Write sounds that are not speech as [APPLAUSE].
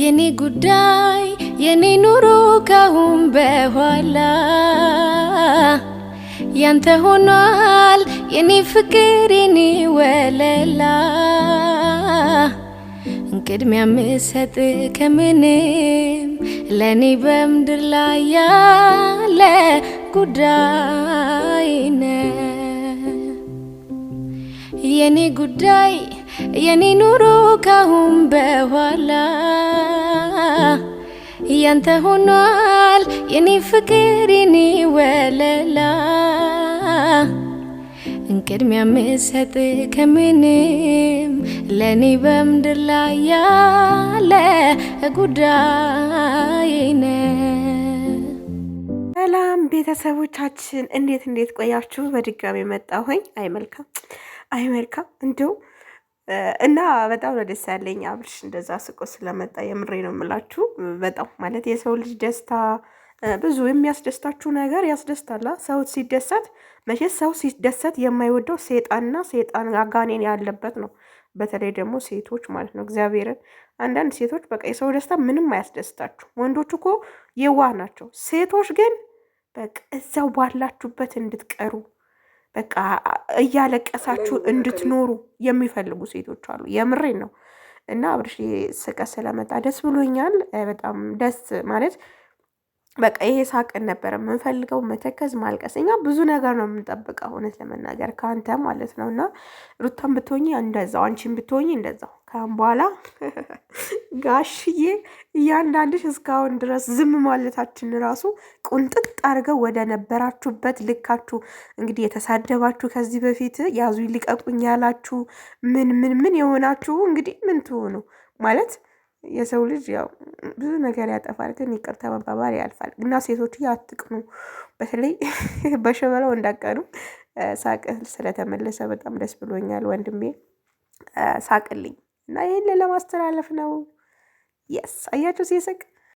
የኔ ጉዳይ የኔ ኑሮ ካሁን በኋላ ያንተ ሆኗል የኔ ፍቅር የኔ ወለላ ቅድሚያ ምሰጥ ከምንም ለእኔ በምድር ላይ ያለ ጉዳይ ነ የኔ ጉዳይ የኔ ኑሮ ካሁን በኋላ ያንተ ሆኗል የኔ ፍቅር የኔ ወለላ እንቅድሚያ ምሰጥ ከምንም ለእኔ በምድር ላይ ያለ ጉዳይ ሰላም ቤተሰቦቻችን፣ እንዴት እንዴት ቆያችሁ? በድጋሚ መጣሁኝ። አይመልካም አይመልካም እንዲሁ እና በጣም ነው ደስ ያለኝ አብርሽ እንደዛ ስቆ ስለመጣ። የምሬ ነው የምላችሁ። በጣም ማለት የሰው ልጅ ደስታ ብዙ የሚያስደስታችሁ ነገር ያስደስታላ። ሰው ሲደሰት መቼ ሰው ሲደሰት የማይወደው ሴጣንና ሴጣን አጋኔን ያለበት ነው። በተለይ ደግሞ ሴቶች ማለት ነው። እግዚአብሔርን አንዳንድ ሴቶች በቃ የሰው ደስታ ምንም አያስደስታችሁ። ወንዶች እኮ የዋህ ናቸው። ሴቶች ግን በቃ እዛው ባላችሁበት እንድትቀሩ በቃ እያለቀሳችሁ እንድትኖሩ የሚፈልጉ ሴቶች አሉ። የምሬን ነው። እና አብርሽ ስቀ ስለመጣ ደስ ብሎኛል። በጣም ደስ ማለት በቃ ይሄ ሳቅን ነበር የምንፈልገው፣ መተከዝ፣ ማልቀስ። እኛ ብዙ ነገር ነው የምንጠብቀው እውነት ለመናገር ከአንተ ማለት ነው። እና ሩታን ብትሆኝ እንደዛው፣ አንቺን ብትሆኝ እንደዛው ካም በኋላ ጋሽዬ እያንዳንድሽ እስካሁን ድረስ ዝም ማለታችን ራሱ ቁንጥጥ አድርገው ወደ ነበራችሁበት ልካችሁ እንግዲህ የተሳደባችሁ ከዚህ በፊት ያዙ ይልቀቁኝ ያላችሁ ምን ምን ምን የሆናችሁ እንግዲህ ምን ትሆኑ ማለት የሰው ልጅ ያው ብዙ ነገር ያጠፋል፣ ግን ይቅርታ መባባል ያልፋል እና ሴቶች አትቅኑ። በተለይ [LAUGHS] በሸበላው እንዳቀኑ ሳቅህ ስለተመለሰ በጣም ደስ ብሎኛል ወንድሜ፣ ሳቅልኝ። እና ይህንን ለማስተላለፍ ነው። የስ አያቸው ሲስቅ